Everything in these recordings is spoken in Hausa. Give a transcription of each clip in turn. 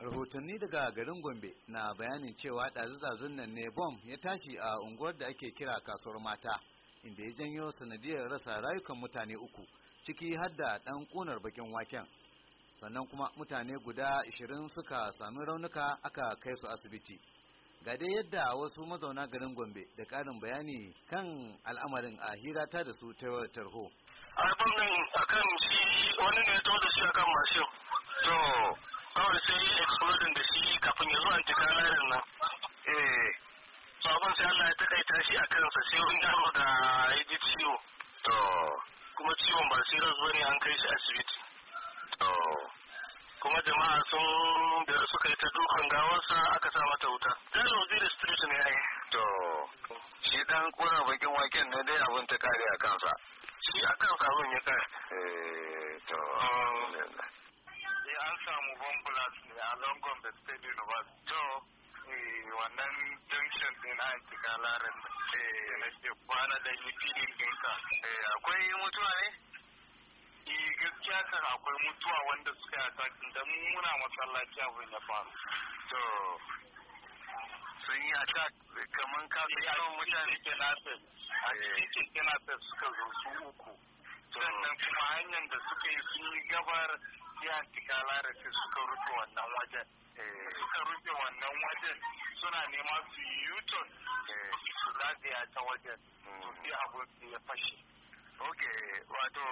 rahotanni daga garin gombe na bayanin cewa ɗazazazun nan ne bom ya tashi a unguwar da ake kira kasuwar mata inda ya janyo sanadiyar rasa rayukan mutane uku ciki har da ɗan ƙunar bakin waken sannan kuma mutane guda 20 suka sami raunuka aka kai su asibiti ga dai yadda wasu mazauna garin gombe da ƙarin bayani kan al'amarin a ta da su ta tarho. akan shi wani ne ya da shi mashin to kawai sai exploding da shi kafin ya zo zuwa cika layin nan eh so abin sai Allah ya takaita shi a kansa sai wani yaro da ya ji ciwo to kuma ciwon ba serious bane an kai shi asibiti to kuma jama'a sun da suka yi ta dukan gawarsa aka sa mata wuta dan wazir street ne ai to shi dan kura bakin waken ne dai abin ta kare a kansa shi a kansa abin ya kare eh to um, mu bombulas ne a longon da state university to eh, wannan junction din na antika larin eh, na ke kwana da yi filin dinka eh, akwai mutuwa ne I gaskiya kan akwai mutuwa wanda suka yi atakin da muna masallaci abin ya faru to sun yi attack kamar kasu yawon mutane ke nasa a cikin ke suka zo su uku sannan kuma hanyar da suka yi sun yi gabar jihar tikala da su suka rufe wannan wajen eh, suka rufe wannan wajen suna nema su yi yuton eh, su zagaya ta wajen fi abin ya fashe ok wato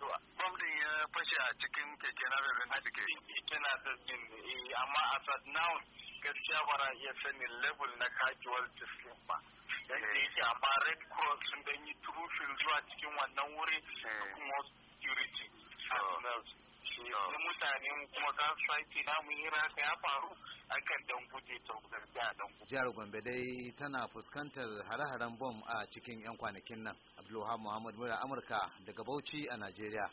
gwamnan ya fashe a cikin keke na rarrabe na Kina keke na sassin eh, amma a now gaskiya ba na iya sani level na kajiwar jiskin ba yadda gudun zuwa cikin wannan wuri eh. da kuma security ah. da ah. mutane kuma kan site namu hira ka ya faru akan dan guje ta garga jihar Gombe dai tana fuskantar hare-haren bom a cikin yan kwanakin nan Abdulwahab Muhammad Mura Amurka daga Bauchi a Najeriya